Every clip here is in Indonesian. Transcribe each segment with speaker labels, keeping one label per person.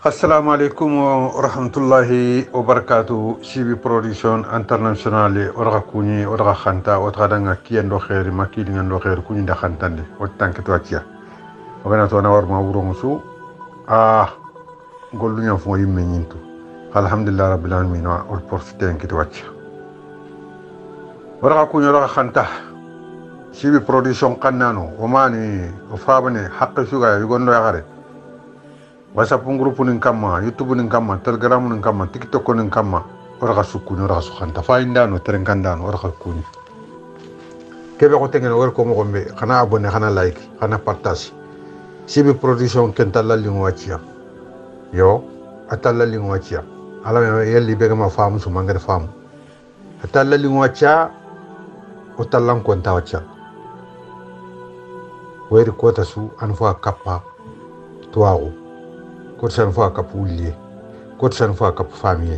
Speaker 1: assalamu aleykum warahmatullahi rahmatullahi wa barakatu sibi production internationale otaxa kuñi otaxa xanta otaxa danga kiyando xeeri ma kiilingando xeeri kuñi nda xantande wo tanketo a ciya ogana toona warma wurongo su a ah, golluñam fo yimme ñintu alhamdulillah rabbil alamin ol porsiteen kiti wacca otaxa kuñi otaxa xanta sibi production xannano wo maani o faabane xaqe suga yugondo yaxare whatsapp groupe nin kama, youtube nin kama, telegram nin kama, tiktok nin kama, ora ka sukkuni wara ka sukhanta fayindano terenkandano wara ka kuni kebe ko tengene wer ko mogon be xana abonné xana like kana partage sibi production kental talla lingua wacciya yo a talla Alam wacciya ala yelli begama famu sumangede faamu a talla lingo wacca o tallan konta wacca wayri su an fo kappa kototan fo a kapu wulle kototan fo a kapu faamiye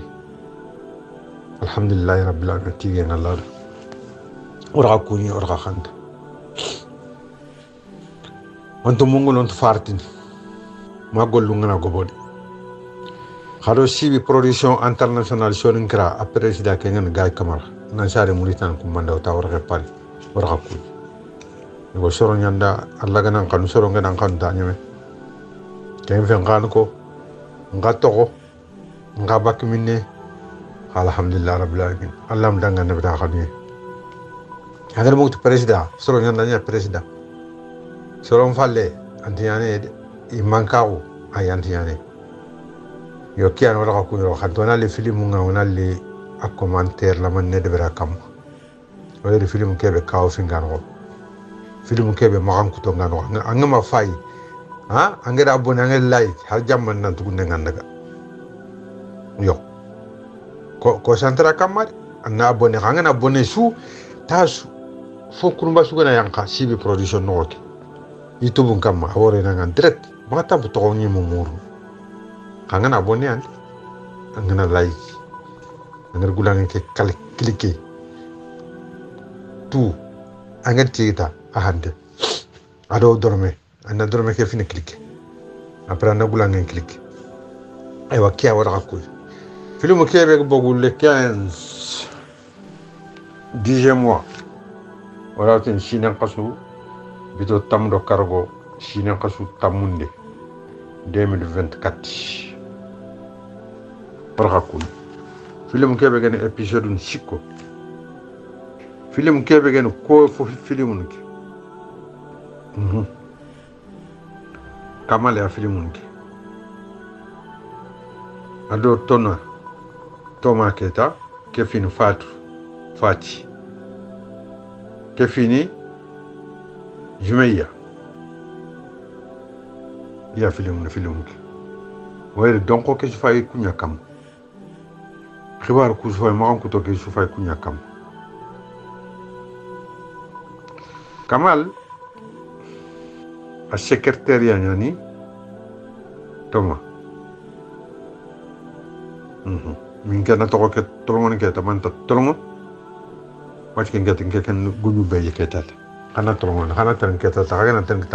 Speaker 1: alhamdulilahi rabbil alamin tigena laada oraxa kuñi oraxa xanta wanto mungol onto fartini ma gollungana gobode xaɗo sibi production international sonin kira a président ke ngen gay kamara nan sare muritan kum mandaw ta waraxe pari waraxa kuñi nego soro ñanda a laganan xanu soro ngenan xanu ta ñeme kengfe ngan ko nga togo nga bakmine alhamdulillah rabbil alamin allah mdanga ne bata khani hadar mo president soro nyanda nya president soro falle antiyane imankawo ayantiyane yo kiyan wala ka kuyo ka dona le film nga wala le a commentaire la ne de kam wala le film kebe kawo fingan ko film kebe magan kuto ngano anga fayi ha angera bon angel like har jamman nan tugunde gandaga yo ko ko santra kamar anna bonne abu bonne su tas, fo kurumba su gana yangka sibi production no ke kamar, kamma awore nan an direct mata bu to ngi mumuru hangana bonne an angana like angara gulang ke kalik clique tu angati ta ahande ado dorme ana dɔrɔmɛ kɛ fine kilike après anna gula ngin kilike aywa kia wara kuy filimu kia bɛ bogule le 15 10 mois wala tin sinen kasu bito tam do cargo sinen kasu tamunde 2024 wara kuy filimu kia bɛ gɛni episode n sikko filimu kia bɛ ko fo filimu nke mm-hmm. kamale afiri mundi ado tona toma keta kefini fatu fati ke kefini jumeya iya filimuna filimundi wayre donko ke sufayi kuña kam xibaar ku sufayi maxan kuto ke sufayi kuña kam kamal a sekretarianya ni toma mhm min kana to ke tolongo ke ta tolongo wat ke ngati ke kan gunu be ke ta kana tolongo kana tan ke ta kana tan ke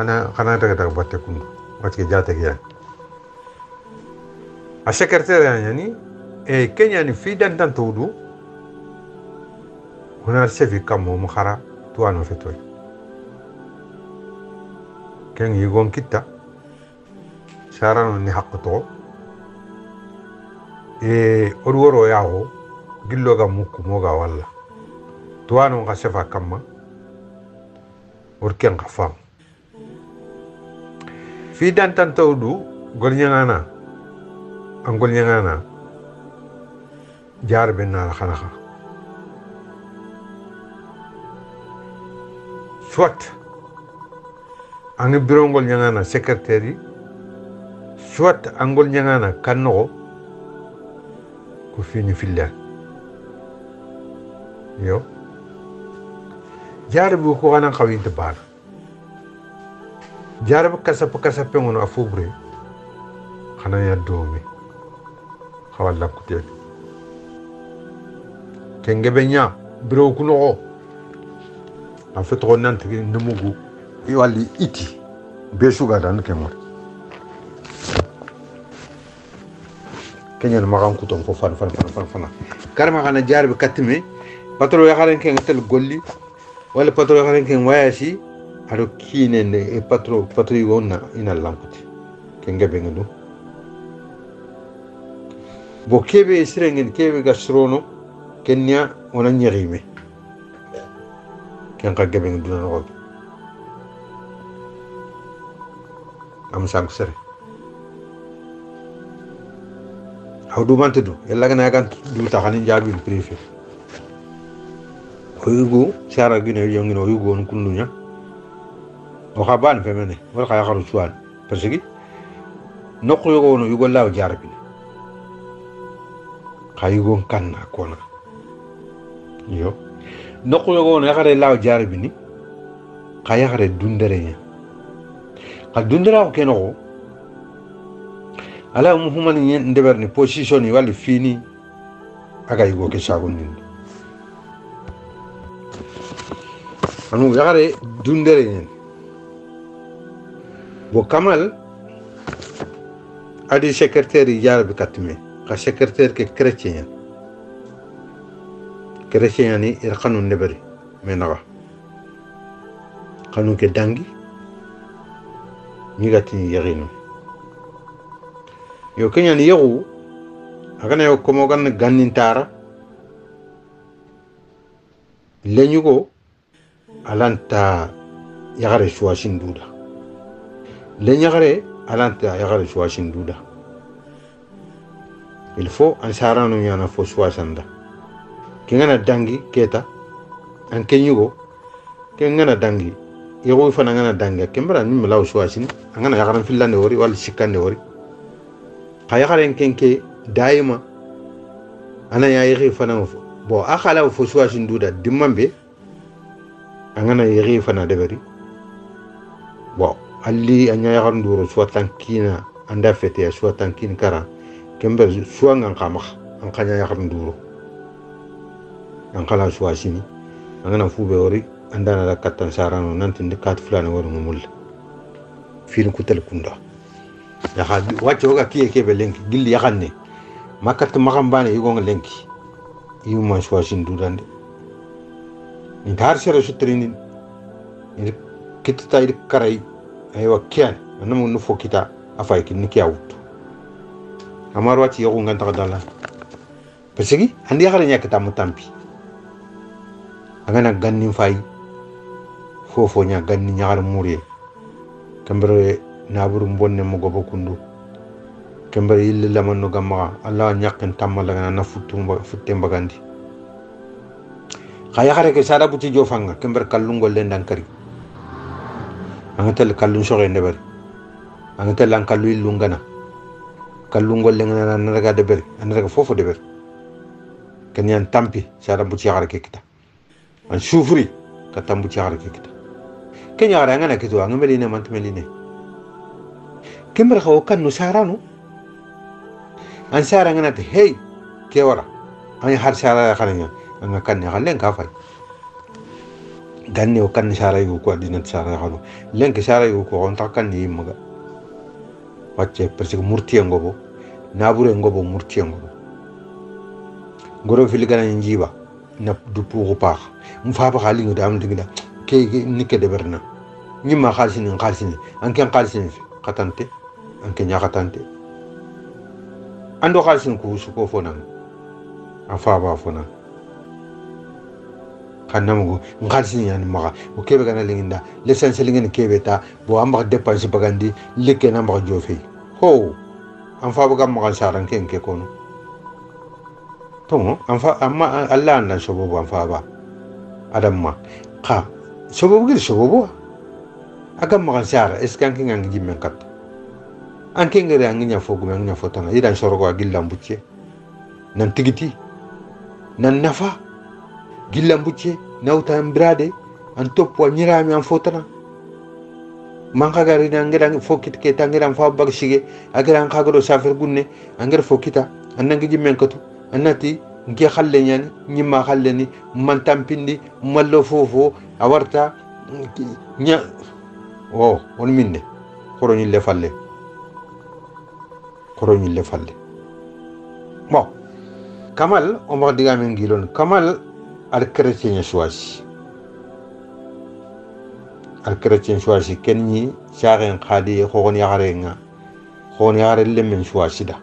Speaker 1: kana kana ta ta batte kun wat ke jata ke ya a sekretarianya ni e kenya ni dan tan tudu hunar sevi kamo mukhara tuano fetoi Kang yigon kita, sarano ni e to yaho gillo ga yaho gilloga ga walla tuano ga sefa kamma orken ga fam fi dantantaw du golñagana a golñagana jaar be khana kha soit angi birongol nyangana secrétaire yi soit angol nyangana kannoxo ko fini filla yo jarab ko xanan xawinte bar jarab kasap kasap ngono afubre, khana ya domi, khawal la kutel ngebe ña birow kuno ko nemugu Iwali iti besu suga dan ke mo kenyal magan kuton fo fan fan fan fan fan kar ma kana jarbe katime patro ya haren ken tel golli wala patro ya haren ken wayasi aro kine ne e patro patro yonna ina lamputi ken gabe ngendo bo kebe sirengen kebe gasrono kenya onan nyirime ken ka gabe ngendo no amsaanku sere aw dumante du yalla gana gan du taxani jaabin préfet o yugo sara gino yongino o yugo on kundunya o xa baan fe mene wala xa yaxaru cuwaan parce que noqu yogo wono yugo laaw jaarabin xa yugon kanna ka dundirawo ke nogo ala mu humani ni position ni walla fini aga yigo ke sagondinde anu yagare dundere ñen bo kamal adi secrétaire yi jarabi kattume ka secrétaire ke chrétien ñen chrétien ni ir xanu ndeɓeri me naxa xanu ke dangi nigati yaginu yo kenyani yagu agana yo komo gan gannintara leñugo alanta yagare suwasin duda leñagare alanta yagare suwasin duda il faut an sarano ñana fo suwasanda ke ngana dangi keta an keñugo ke ngana dangi yogoy fana ngana dange ya. kembra ni melaw ngana angana yakaran fillande wori walla sikkande wori kay yakaren kenke daima ana ya yegi fana fo bo akala xala fo duda dimambe be angana ya yexi fana deɓeri bo alli anya ña duro suwa tankina anda fete ya, suwa tankin kara kember suwangan ngan kama ngana ña yakaran duro an ngana angana be wori andana rakkatan sarano nanti nde kat flan woni mo mulla fiin kutel kunda yaha wati oga kiye keɓe lenki gilli yahanne makkatta makambane yigonga lenki yimuman choisin dudande inta har sere suttirindin iɗi kittata iɗi karay aywa kiyani annamo no fo kita afai fay kinni kiya wuttu amar wacce yahu gantaka dalla parce que andi yahara ñakkitamo tampi Angana gannin fai fofo nya ganni ñagal muri, kembere nabur bonne mo gobo kundu kembere yille lamanno gamma allah ñakkin tamal lagana na futtumba futte mbagandi khaya khare ke sara buti jofanga kembere kallungol len dankari anga tel kallun soxe ndebari anga tel an kallu illungana kallungol lengana na naraga an daga fofo deberi kenyan tampi sara buti khare ke kita an sufri katambu ci xare kita Kenya ara ngana kitu anga meline mant meline kemra khawo kan nu saranu an sara ngana te hey ke ora an har sara kharanya anga kan ya khalen ka fai ganne o kan sara yu ko dinat sara len ke sara yu ko on ta kan ni maga wacce persik murti ngobo nabure ngobo murti ngobo ngoro filigana njiba na pour ko mu fa ba khali am ke ni ke de berna ni ma khalsini khalsini an ken khalsini fe katante an ken ya katante ando khalsini ku su ko fona an fa ba fona kannamugu nkhalsini yani maga o kebe kana linginda l'essentiel ngene kebe ta bo an maga dépense bagandi likke na maga jofe ho an fa baga maga saran ken ke kono tongo an fa amma allah an dan sobo an fa ba adam ma ka sobobu gir sobobu akan makan es kan king ang jimen kat an king gir ang nya fogu ang nya fotana idan sorgo agillam bucce nan tigiti nan nafa gillam bucce nauta an brade an wa nyirami an fotana manka gari na ngira fokit ke tangira fa bag shige agira an kagoro safir gunne ger fokita annan gijin men katu annati nke halle ñani ñimma halle ni man tampindi mallo fofo a warta ña o on min de koroñille falle koroñille falle bon kamal o max digamen ngilon kamal ar chrétien choisi ar chrétien choisi ken ñi saxen xaadi xoxon yaxarenga xoxon yaxare lemen choisi da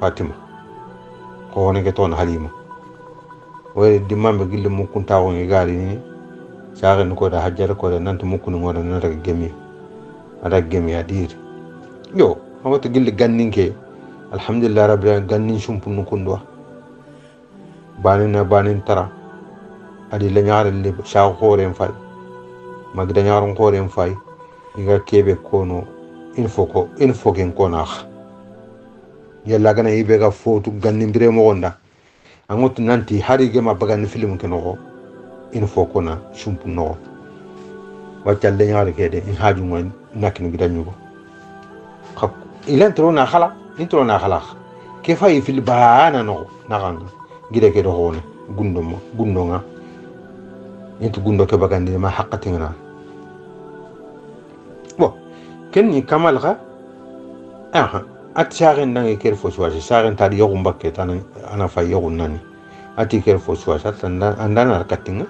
Speaker 1: fatima hohoneke toon halima wayde dimmanɓe gille mukkunta kon gaali ni sahani koyde hajjata koyde nanta mukkuni ngoɗa nataka gemi aɗa gemi a ɗiiri yo hawata gille ganninke alhamdulillah rabbil gannin cumpunnu kunduwa banina banin tara adi leñaare le saako hoore en fay magi dañaaron hoore en fay iga keɓe kono il ko il ken konaaka yalla gana ibe ga fotu gannindire mo gonda angot nanti hari ge ma bagan film ke nogo in fo kona shumpu nogo wacca le nyaare ke de in haju mo nakin gida nyugo khap ilan tro na khala in na khala ke fay fil baana nogo na ganga gida ke do hone gundo mo gundo nga intu gundo ke bagandire ma haqqatin na bo ken ni kamal ga aha ati saren dange ker fo suwasi saren tadi yogun bakke tan ana fa yogun nani ati ker fo suwasi atanda andana katinga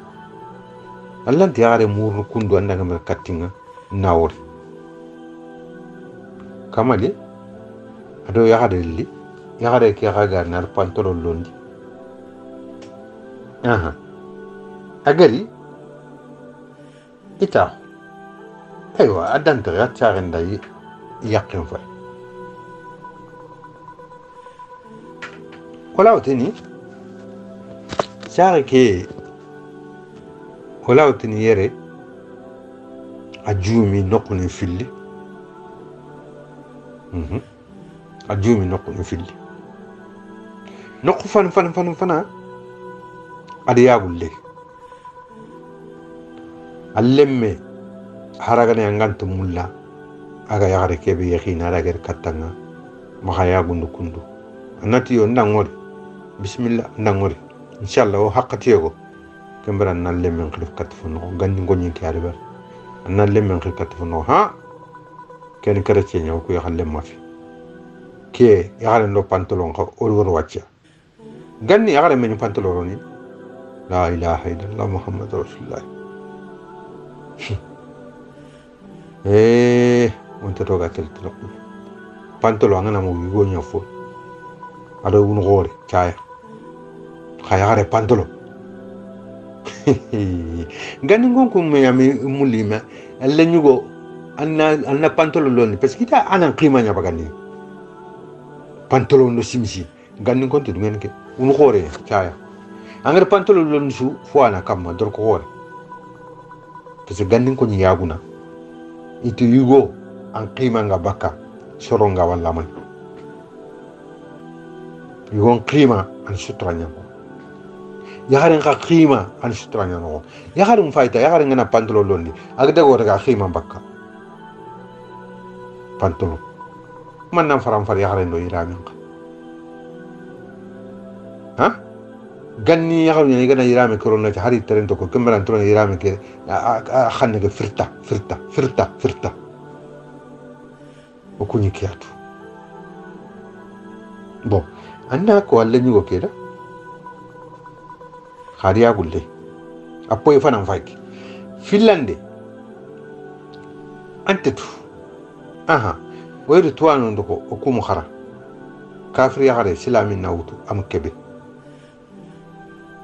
Speaker 1: allan ti are mur kundu andana mer katinga nawori kamali ado yagare li yagare ke gagar nar pantolo londi aha agari ita aywa adan tagat saren dai yaqin fai hola otini sari ke hola otini yere a jumi juumi fili filli mhm. a fili nokkunin filli nokku fani fani fani fana eh? ada yagulle allemme haragana yanganto mulla aga yagare kebe yahina aragere kattanga maha yagundu kundu anati yo ndangori بسم الله نعمر إن شاء الله هو حق تيجو كم برا نال من خلف كتفونو غني غني كاربا نال من خلف كتفونو ها كان كرتشي نو كوي خلف ما في كي يعلم نو بانتلون كو أورور واتيا غني يعلم من بانتلوني لا إله إلا الله محمد رسول الله إيه وانت توقع تلتلقوا بانتلون أنا مو يغني فو على غوري تايه kaya kare pantolo ganin kung me yami mulima alla nyugo anna anna pantolo ni, Pes kita ta anan niya pa gani. pantolo no simsi ganin tu dungen ke un khore chaya angar pantolo ni su fuwa na kamma dor ko khore parce ganin ko yaguna itu yugo an qima nga laman. soronga ang man ang sutra niya sutranya yagaren ka khima an sutra nya no yagaren faita ngana pantolo londi agda go daga khima bakka pantolo man nan faram far yagaren do iramin ka ha ganni yagaren ne gana irame korona ta hari taren to ko kembaran to irame ke khanne ke firta firta firta firta okunyi kiatu bon anna ko alle keda hariyakulle apoye fanan faki finlande antetu aha wayru tuwanondoko okumu hara kafir yahare silamin nawutu ama kebe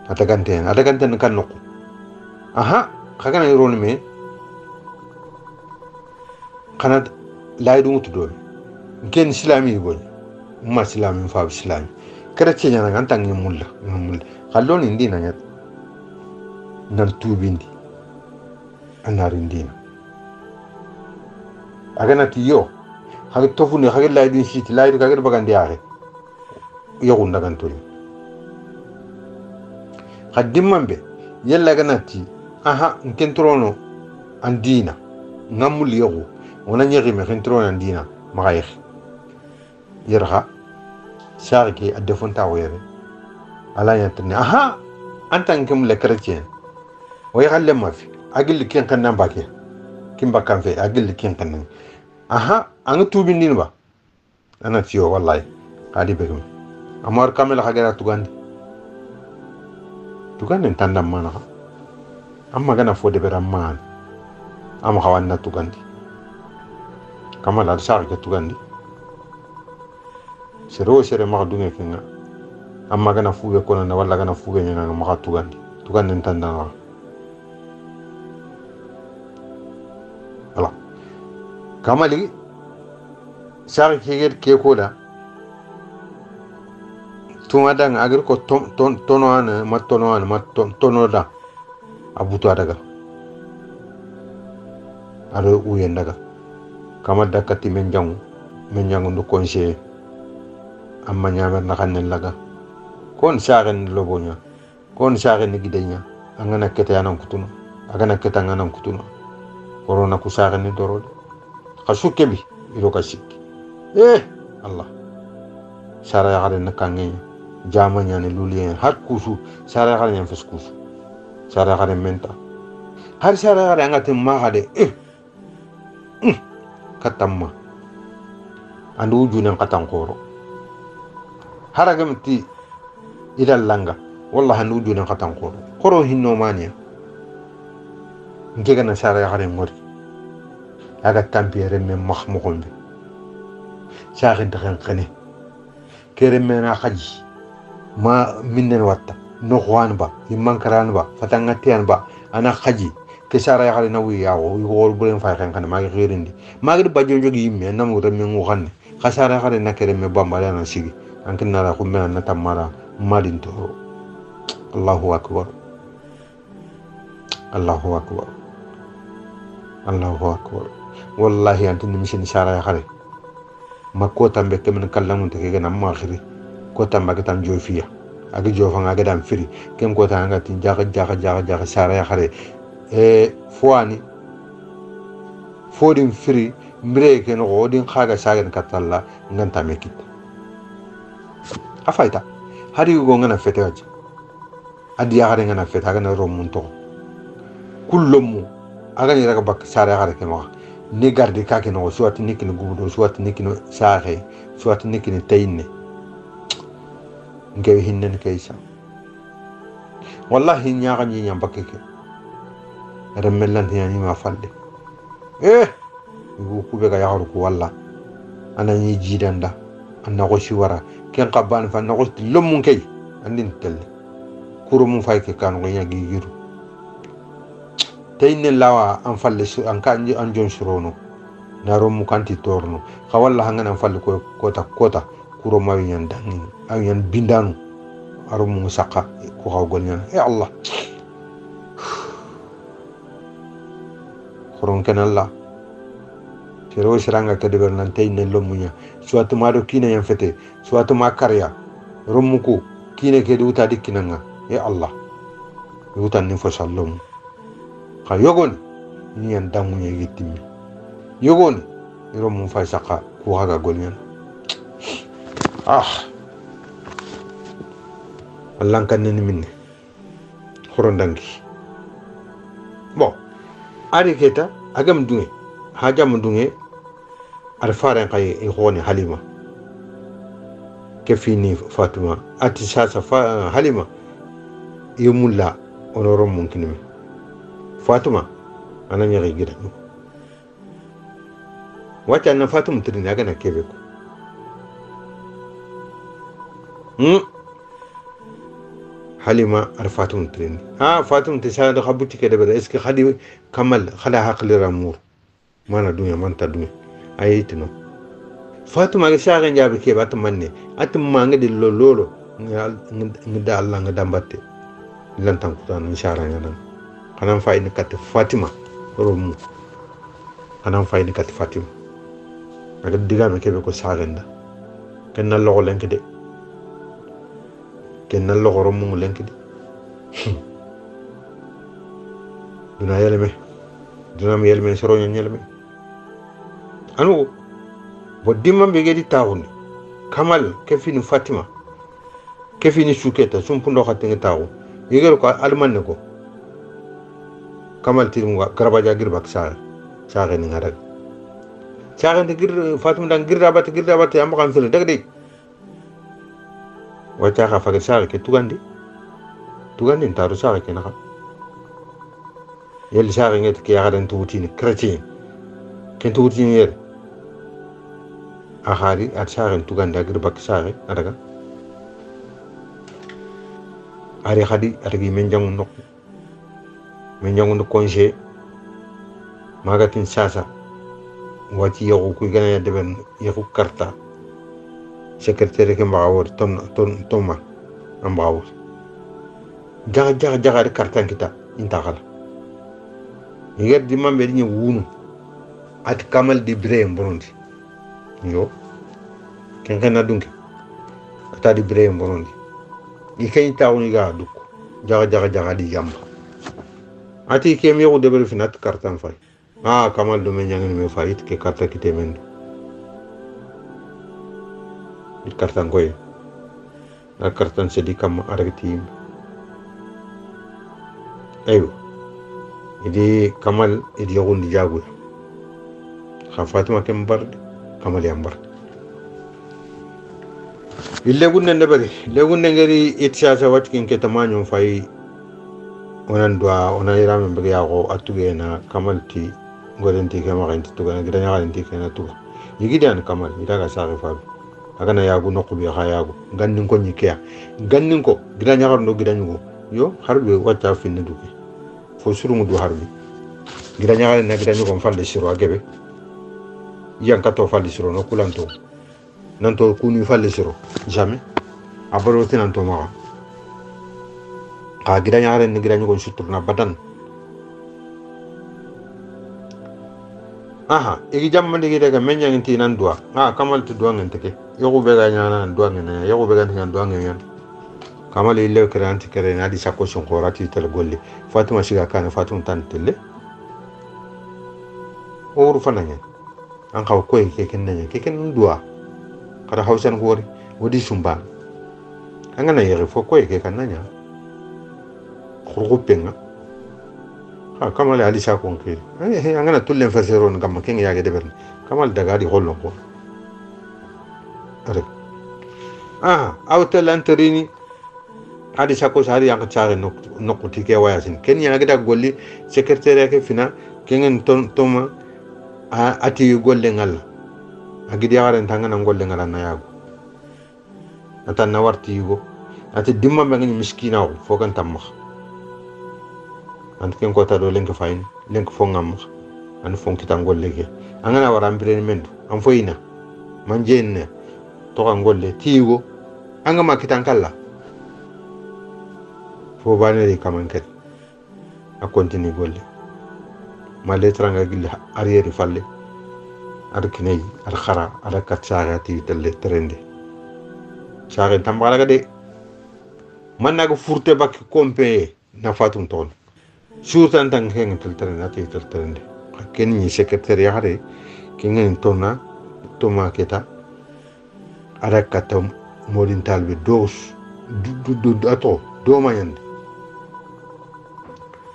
Speaker 1: ataganteen ataganten kan noku aha kagana ironi me kana layiduŋutu doomi nkeni silami boñi ma silami faabi silami chrétien ñanaga antaŋ mulla mulla mulla xalloni ndinañat nartuubindi anarindiina aganati yo hage tofuni hage laydun siiti laydu kagede bagandi yaxe yoxundagantoni xa dimman be yella ganati aha n nkentorono an diina nga mulli yoxu wona ñexime xentorono an diina maxa yexi yerxa saxi ke a defontaxo yere ala ñatani aha antan tant que le chrétien ويغلى ما في أقل كين كنن باكي كين كان في أقل كين كنن أها أنا توبي نينبا أنا تيو والله قالي بكم امور كامل حاجة تغاندي انت تندم مانا أما غانا فودي برمان أما خوانا تغاندي كمال أرسال تغاندي sere wo sere maxa dunge kenga amma gana fuɓe konana walla gana fuɓe ñaganga maxa tugandi انت ntandanaxa kamali sari ke koda tuma dan agir ko ton ton tono ana ma tono ana ma tono da abutu adaga aro uyen daga kama dakati men jangu men jangu ndu konse amma nyamer na kanen laga kon saren lobonya kon ni gidenya angana kete anan kutuno agana kete anan kutuno corona ku ni dorod, kebi iro kasik eh allah sara yagare na jaman jama luli en har kusu sara yagare yang fes kusu sara yagare menta har sara yagare anga ma magade eh mm. katamma andu ujunen katan koro haragamti idan langa wallah andu ujunen katan koro koro hinno mania ngega na sara yagare ngori aga tampiyere men mahmugunde saxinta xen xene kere na khaji ma minnen watta noxuwan ba imankaran ba fatangatiyan ba ana khaji ke sara yaxale na wuyi yaxo yoxool bulen fay xen xene maagi xirindi maagidi bajo jogi yimme ya, namu remen nguxanne xa sara yaxale na kere me bambale ana sigi ankin khum me na tammara madintoro allahu akbar allahu akbar allahu akbar wallahi antu nimisini ya xare ma kotanɓe kemen kallamunte ma nan ko tamba a tam jofiya jofa nga a dam firi ta nga tin jaxa jaxa jaxa jaxa saraya xare e fowani fodin firi mbire ke noxo odin xaga sagen kattalla ngantame kit a fayta hari yugo ngana fete aji adi yaxare ngana fete agana romun kullum aga ni raga bak sare axare ya, ke ni garde kake no soit ni kin gubudo soit ni kin saxe soit ni kin tayne ngewi hinnen kaysa wallahi nyaaga ni nyam bakeke remmelan ni ni ma falde eh ibu kube ga yaaru ku walla ana ni jidanda anna ko wara ken qabban fa na ko lumun kay andin telle kuru mun fay ke kan ko yagi yiru tayinne lawa an falle an ka an jon na naro mu kanti torno ka walla hanga an falle kota kota kuro mawi ñan dangi awi yan bindanu aro mu ko golnya e ya allah horon kan la sero siranga kedeber nan tayinne lommuña suatu ma do kine yan fete suatu ma karya ku kine kedi tadi dikinanga e ya allah yutan ni fo sallomu ka yogoni ni yan damu ya gi timmi yogoni iro mun fay saka ku haga golnyan ah wallan kan ni minne horondangi bon ari keta agam dunge hajam dunge ar faren kay e honi halima ke fini fatuma ati sasa fa, halima yomulla onoro kinimi fatuma ana nyari gida wata na fatuma tudin daga na kebe ku hmm? halima ar fatuma tudin ha fatuma ta sai da habuti ke da bada iske hadi kamal hada haqli ramur mana dunya man ta dunya ayitino fatuma ga shagan jabe ke batum manne atum manga dillo lolo ngida Allah ngidambate lantan kutana insha Allah ngidambate kanan fayni kati fatima romu kanan fayni kati fatima aga digame keɓe ko sagenda ken na loxo lenki de ken na loxo romungu lenki de duna yelme dunam yelme soroñon yelme anu bo be gedi taxunde kamal ke fini fatima ke fini suketa sumpundoxa tenge taxu yegeru ko almanne ko kamal ti mu um karaba ja gir bak sal sa ga ni ngarak sa ga gir fatum dan gir dabat gir dabat ya makan fil dag dik wa ta ga fagir sa ke tugandi tugandi taru sa ke na yel sa ga ke ya ga dan tuuti ni kreti ken tuuti ni yer a hari at sa ga tuganda gir bak sa ga adaga ari hadi ari gi menjang nokku mi ndu congé magatin sasa wati yoku ya kuy gana ya deben yoku ya karta secrétaire ke ton ton tomma a mbaxa Jaga jaga jaga jaxari kartan kita intaxala di mambe ñe wunu at kamal di bre mbondi yo ken kana dunke ata di bire mbonondi i keñi ga dukku jaga jaga jaga di yamba ati ke mi ko debel finat kartan fay a kamal do men nyangin me fayit ke karta kite men di kartan koy na kartan sedi kam tim ayo idi kamal idi yogundi jagu kha fatima kem bar kamal yam legun illegunne nebari legunne ngeri itsa sa watkin ke tamanyon fai onan dua onan ira men bege yago atugena kamal ti goden ti kema kan ti tugana gidan ya ti kena tuga dan kamal ida ga sa aga agana yagu no kubi ga yagu gannin ko nyikea gannin ko gidan ya no gidan yugo yo harbi wata finne duke fo suru mudu harbe gidan ya na gidan yugo de shiro agebe yan kato de shiro no kulanto nan to kuni de shiro jamais abaro tinan to ka gida ñagaren ni gida sutur na badan aha igi jammandi gi ga menya ñangin tinan dua? a kamal ti dua ngin teke. yoku bega dua ya. dua ngin ñana yoku bega tinan dua ngin yan kamal ille kere anti kere na di sakko sun khora tel golli fatima shiga kana fatima tan telle o wuru fana ñen an kaw koy keken kada hausan hori wodi sumba angana yere fo koy kekan kurku penga ha kamal ali sa kon ke he angana tullen faseron kam ken ya gede berne kamal daga di hollo ko are ah awta Ali adi sako sari yang nok nokuti ke waya sin ken yang kita golli sekretariat ke fina kengen ton toma ati golle ngal agidi awara tanga nan golle ngal na yago atan na warti yugo ati dimma ma ngani miskina ko fokan tamma anti ken kota do lenke fayin lenke fo ngam an fo kita ngolle ke angana wara ambire mendu an fo ina man jenne to ngolle tiigo anga ma kitan kala fo bane de a continue golle ma letra nga gille falle ar kinay ar khara ar kat saga ti telle trende saga tambara ga man naga furte bak kompe na fatum ton suutan tan hen tiltare na ti tiltare ken ni ya hari hare kingen tona toma keta ara katam modin talbe dos du du du ato do mayande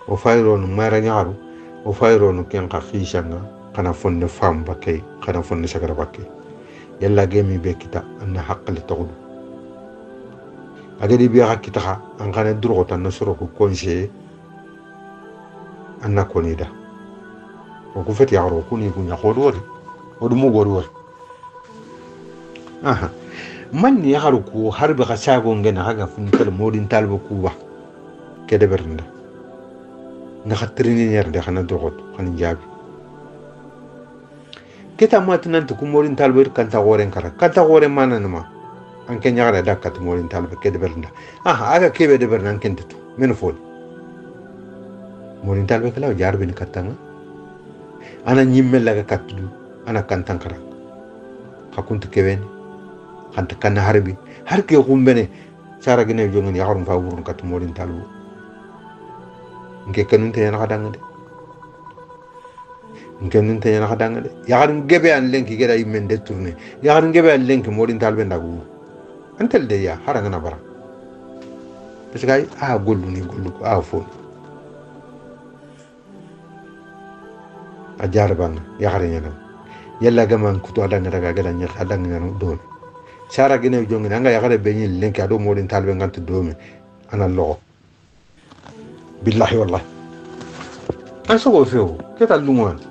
Speaker 1: o fayronu mara ñaaru o fayronu ken ka xiisanga kana fonne fam bakke kana fonne sagara bakke yalla gemi be kita anna haqqali tawdu agadi biya kita angkanya kana durgo tan nasoro ko anna konida ku feti yaxoro kuni kuña xoɗoori oɗumugooɗoori aha man ni yaxaru ku harbe xa saago ngena xaga funtel moɗin talbo kuba ke deɓernda ndaxa triniñerde xana doxot xan jaabi keta matinanti ku moɗin talbo it kanta xooren kara kanta xooren mananama an ke ñaxara dakkat moɗin talbo ke deɓernda aha aga keɓe deɓerna an kentetu mene fooni molintaal bee kalaa jaar bin kattama ana nyimmel laga kattudu ana kan tankara kakunti kebeni kanta kanna harbi har ke kumbene sara gine jongen yakarum fa wurun kattu molintaal bu nke kanun tanya naka danga de nke nun tanya naka danga de yakarum gebe an lenki gera immen de turne yakarum gebe an lenki molintaal be ndagu antel de ya harangana bara parce que a gollu ni gollu a fonu ajar bang, yakare ñanan yalla gaman kutu adanga gaga gada ñak ada ñanan ya doon sara gine jongine anga yakare beñi lenki ado ya, modin talbe ngantu domi ana lo billahi wallahi an sogo fewo keta lumoan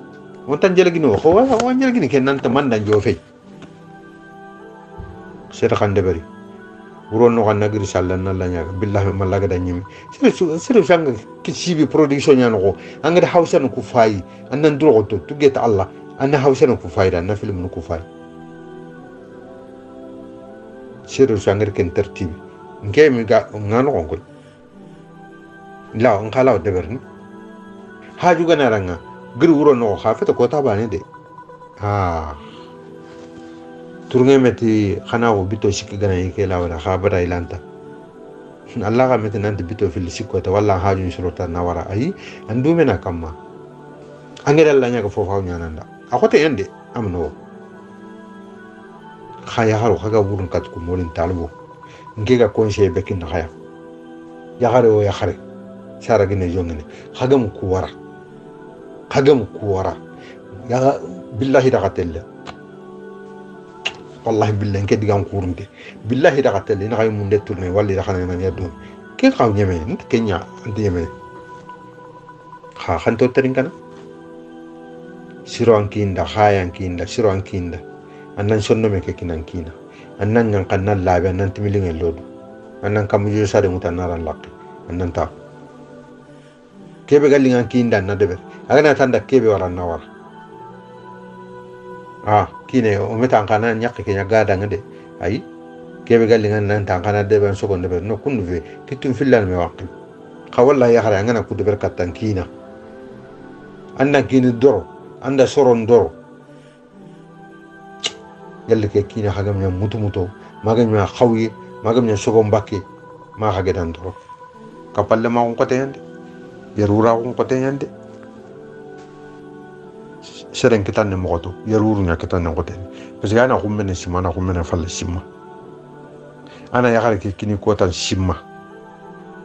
Speaker 1: on tan jelgini o xowa on jelgini ke nanta mandan jofe fey seta kan beri wurono xanna gir sallan na laña billahi ma laga dañim sirif sang ki sibi production ñan ya ko angada hausa no ku fayi annan duro tu tuget allah anna hausa no ku fayda na film no ku fayi sere sangir ken tertibi mi ga ngano ko law ni deberni haju ranga gir wurono ko xafeta ko tabane de ah turge meti xana go bito sikki gana ike la wara xa bada ilanta alla ga meti nanti bito fil sikko ta walla hajun surota na wara ayi andu mena kamma angere alla nyaga fofa o nyananda akote yende amno khaya haro khaga burun kat ko molin talbo nge ga konse bekin na khaya ya khare o ya khare sara gine jongene khagam kuwara khagam kuwara ya billahi da qatella wallahi billahi nke digan kurunde billahi da katelle ina kay munde tourne walli da xana nanya do ke xaw ñeme nte ke nya ante yeme xa xan to terin kana siro an kinda xaya an kinda siro an kinda annan sonno me ke kinan kina annan ñan kan nan labe annan timilingen lodu annan kam ju sare muta naran lakki annan ta kebe galingan kinda na deber agana tanda kebe waran nawara ah kine o me nyak, kana kenya gada ngede ai kebe galli ngan nan tan kana de ban de ban no kunu ve kitun fillan me wakil ka wallahi yakhara ngana kudu ber kattan kina anda kini dor, anda soron dor. galli ke kina hagam nya mutu mutu magam nya khawi magam nya sogon bakke ma hagedan dan doro kapalle ma on kote yande yerura ya on kote yande sere nkita ne mogoto yeruru nya kita ne ngotene parce que ana gummene sima ana gummene falle sima ana yagare ke kini kota sima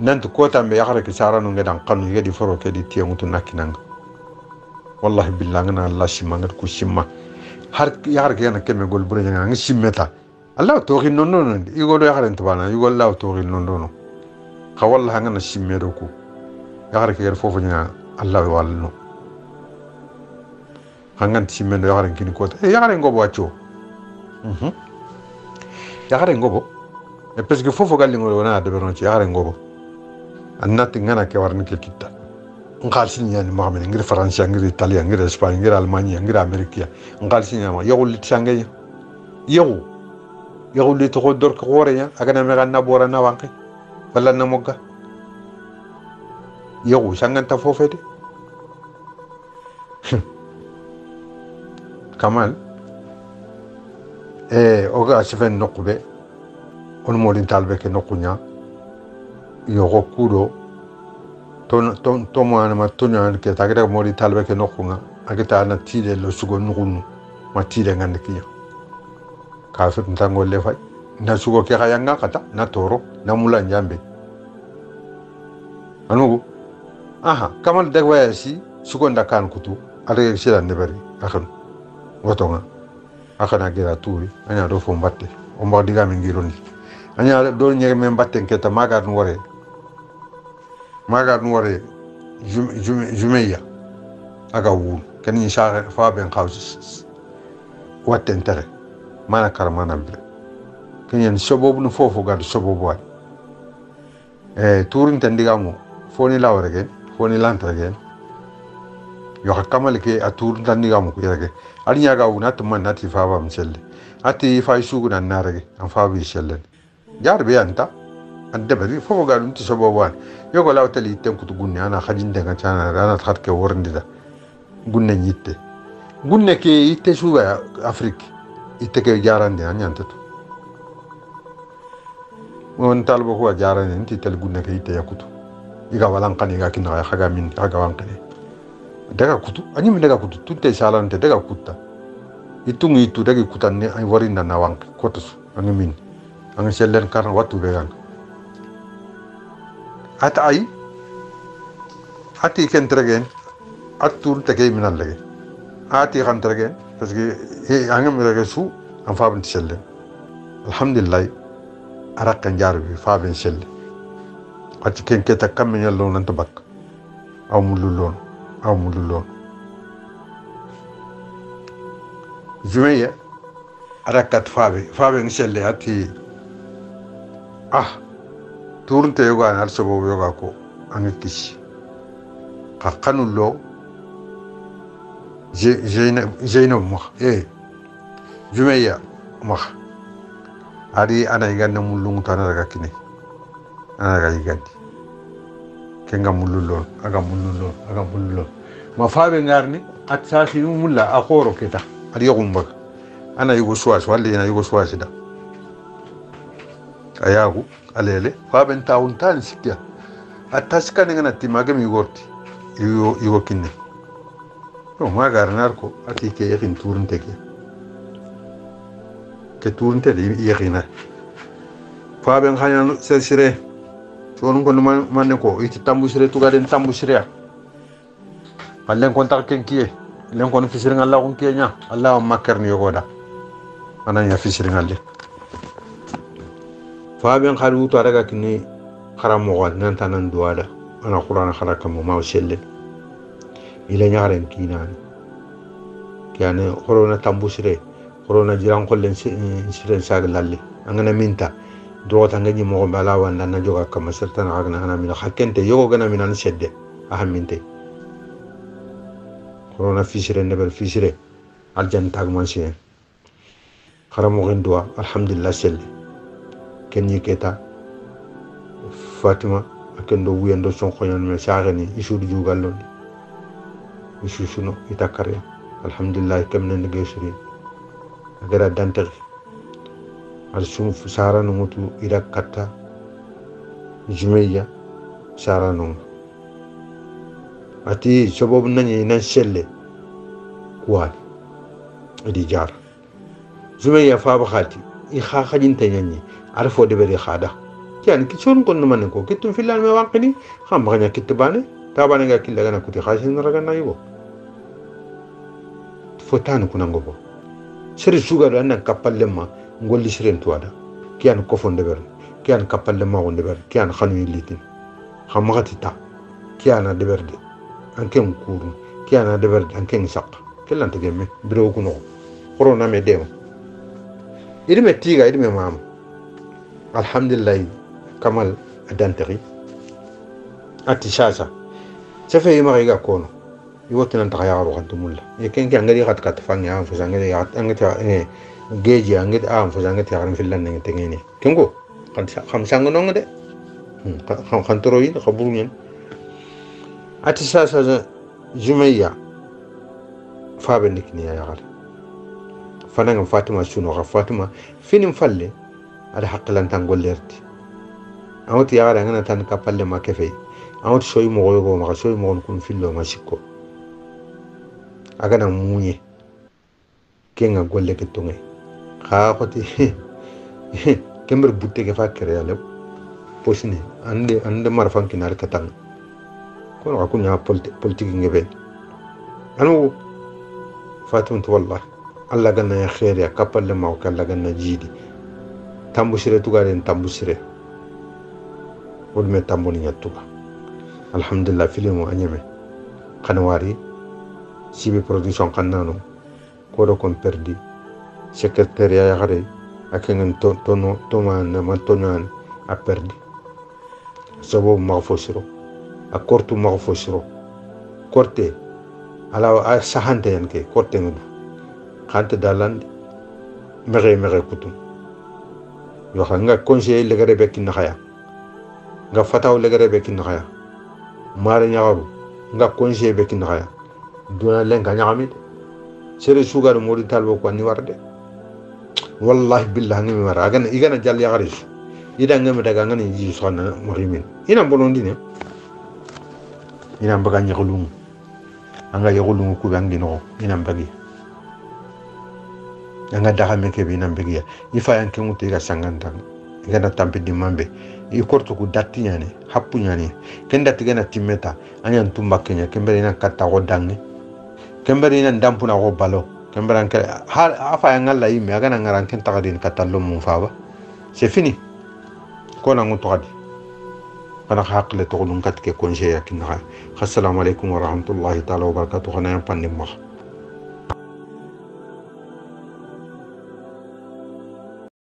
Speaker 1: nanti kota me yagare ke sara no ngedan kanu yedi foro ke di tiengu to nakinanga wallahi billahi na allah sima ngat ku sima har yagare ke yana keme gol bure nya ngi simmeta allah to gi non non igolo yagare ntbana igolo allah to gi non non ka wallahi ngana simme do ku yagare ke yer fofu nya allah walno hangan do yakaren kini kota e yakaren gobo wacco yakaren ngobo e parce que fofo gallingol wona deɓerno ci yakaren ngobo annati ngana ke warni ke kitta ngalsin ñani maxamene ngir france ngir italia ngir espagne ngir almania ngir amérique ya ngalsin ñama yexulit sangeña yexu yexulit xo dorke xooreña agana mexa na bora na wanke wala na mogga yexu sanganta fofete Kamal, e oga asifen nokube on lin talbe ke nokunya yogo kudo ton ton to mo anama tonya ke tagre lin talbe ke nokunga agita na tide lo sugo nugunu ma tide ngande kiya kafir ntango le fay na sugo ke ga yanga kata na toro na mula njambe anugo aha kamal dagwa ya si sugo ndakan kutu ale ke sira bari akhanu wotonga akana gira turi anya do fo mbatte o mbaw diga min girondi anya do nyere men mbatte nketa maga dun wore maga jumeya aga wu kan ni sha fa ben khawsis watte ntere mana kar mana bire kenyen shobobu no fofo gadu shobobu ay e eh, turin tan diga mo foni lawrege foni lantrege yo hakamale ke a turin tan diga mo ko ar nyaga wuna tumman nati fa ba mchelle ati fa shugu nan narage an fa bi shellen jar be anta an da bari fo ga dum ti sobo wan yogo law tali ten kutu gunne ana khajin daga chana rana khat ke worndi da gunne yitte gunne ke yitte shuga afrik itte ke jarande an yanta to won talbo ko jarande nti tel gunne ke yitte yakutu iga walan kan iga kinna khaga min khaga wan kan daga kutu ani mi daga kutu tun te nte daga kuta itu ngi itu daga kuta ni ai warin na nawang kotos ani min angi selen karna watu begang ata ai ati ken tregen atul tege minan lege ati kan tregen parce que he angi mi daga su an fabin selen alhamdulillah arakan bi fabin selen ati ken keta kamen yallo nan tabak aw mululon arakat Αμουλό. Ζουέια, αρακατ φάβε, φάβε νησέλε, άτι, α, τούρντε εγώ ανάρσοβο βιόγακο, ανεκκίσει. Κακάνουλό, Zeynep mah e Cümeyya mah ari ana igande mulungu to anaraga kini, anaraga igandi kenga mululon aga mululon aga mululon ma faɓe garni at saki mulla a koro keta aɗa yogumbaga ana yugo suwas walla ina yugo suwasida a yaagu alele faɓen tawuntani sikkiya a tasikanegana timagemi yugorti yugo kinne bon ma garnar ko ati ke yakin turunte ke ke turunte de yakina faɓen hañan sesire sonum ko numa manne ko iti tambusire tugaden tambusireya allen kon tar ken kiye len kon fisir ngalla kon kiye nya allah wa makar ni yogoda anan ya fisir ngalle fa ben khalu to daga kini kharam wal nan tanan duwada ana qur'an khara kam ma shelle ila nyaren kinani yani horona tambusire horona jiran kollen siren sagalalle angana minta dogota ngañi mogo bala wanda na joga kama sertana agna hana mina hakkente yogo gana mina an sedde ahamminte korona fisire nebel fisire aljan tagman siyen haramoxin duwa alhamdulillah selli ken ñi keta fatima a ken do wuyen do sonkoñan me saxeni i suudu jugal lon i susuno i takkarya alhamdulillah kem ne ndege surin a gara dantexi ar sum saranungutu ida katta jumeya saranungu ati sababu nanyi nan selle kuwani idi jar zume ya fa khati i kha khajin tanyanyi arfo de beri khada yani ki chon kon man ko kitum filan me wanqini kham baganya kitbane tabane ga killa gana kuti khashin raga na yibo fotan kuna ngobo seri sugar do annan kapalle ma ngolli siren tuada kiyan kofon de ber kiyan kapalle ma wonde ber kiyan khanu yilitin kham magati ta kiyana de berde anke nkuru ki ana deber anke nsak kelan te gemme biro kuno koro na me dem idi me tiga idi me mam alhamdulillah kamal adantari ati shasa sefe yi mari ga kono iwotu nan tagaya ba kan tumulla e ken ki angadi kat kat fangi an fusa angadi angati eh geji angati an fusa angati aran fillan ne tengene kengo kan kan sangono ngade hmm, kan kan toroyin kaburun ati sasa jumayya faɓe ndikiniya yagata fanagam fatima sunoxa fatima finim falle aɗa haqqilantan gollerti awoti yagara angana ka palle ma kefey awoti soyi moxo soyi moxon kun filloma sikko agana muñe kenga golle ke tonge xa xoti kember butte fa créa posine ande ande marfankinari كون غنكون ليها بوليتيك من أنا المهم فاتمت والله الله قالنا يا خير يا كابل لما وكان الله قالنا جيدي تامبو سيري توغا لين تامبو سيري ولمي تامبو نيا توغا الحمد لله فيلمو انيمي قنواري سيبي برودكسيون قنانو كورو كون بيردي سكرتيريا يغري اكن تونو تومان ما تونان ا بيردي سبب ما فوسرو a kortu mogo fo siro korte ala a sahante ke korte ngudu dalandi mere mere kutum yo nga conseil legere be kin khaya nga fataw legere be kin khaya mare nyaaru nga conseil be kin khaya duna lenga nyaami sere sugar modi talbo ko ni warde wallahi billahi ngami mara agana igana jall yaarisu ida ngami daga ngani ji sonna murimin ina bolondine ina mbaga ñaxulungu anga yaxulungu kuɓe anginoxo ina mbagi anga daxame keɓe ina mbegiya i fayan ke ika iga sangantanga tampi tampe dimmanɓe i kortuku datti hapu happu ñani ken datti gana timmeta a ñan tumba keña kembere inan kattaxo dange kembere inan dampunaxo balo kembere anke a ya ngal la ime a na ngara anken taxadin kattallo mum faaba c'est fini ko ngutu toxadi kana haqle togolun katke konje yakinnaxa assalamu aleykum warahmatullahi taala wabarakatu xana yam pannin maxa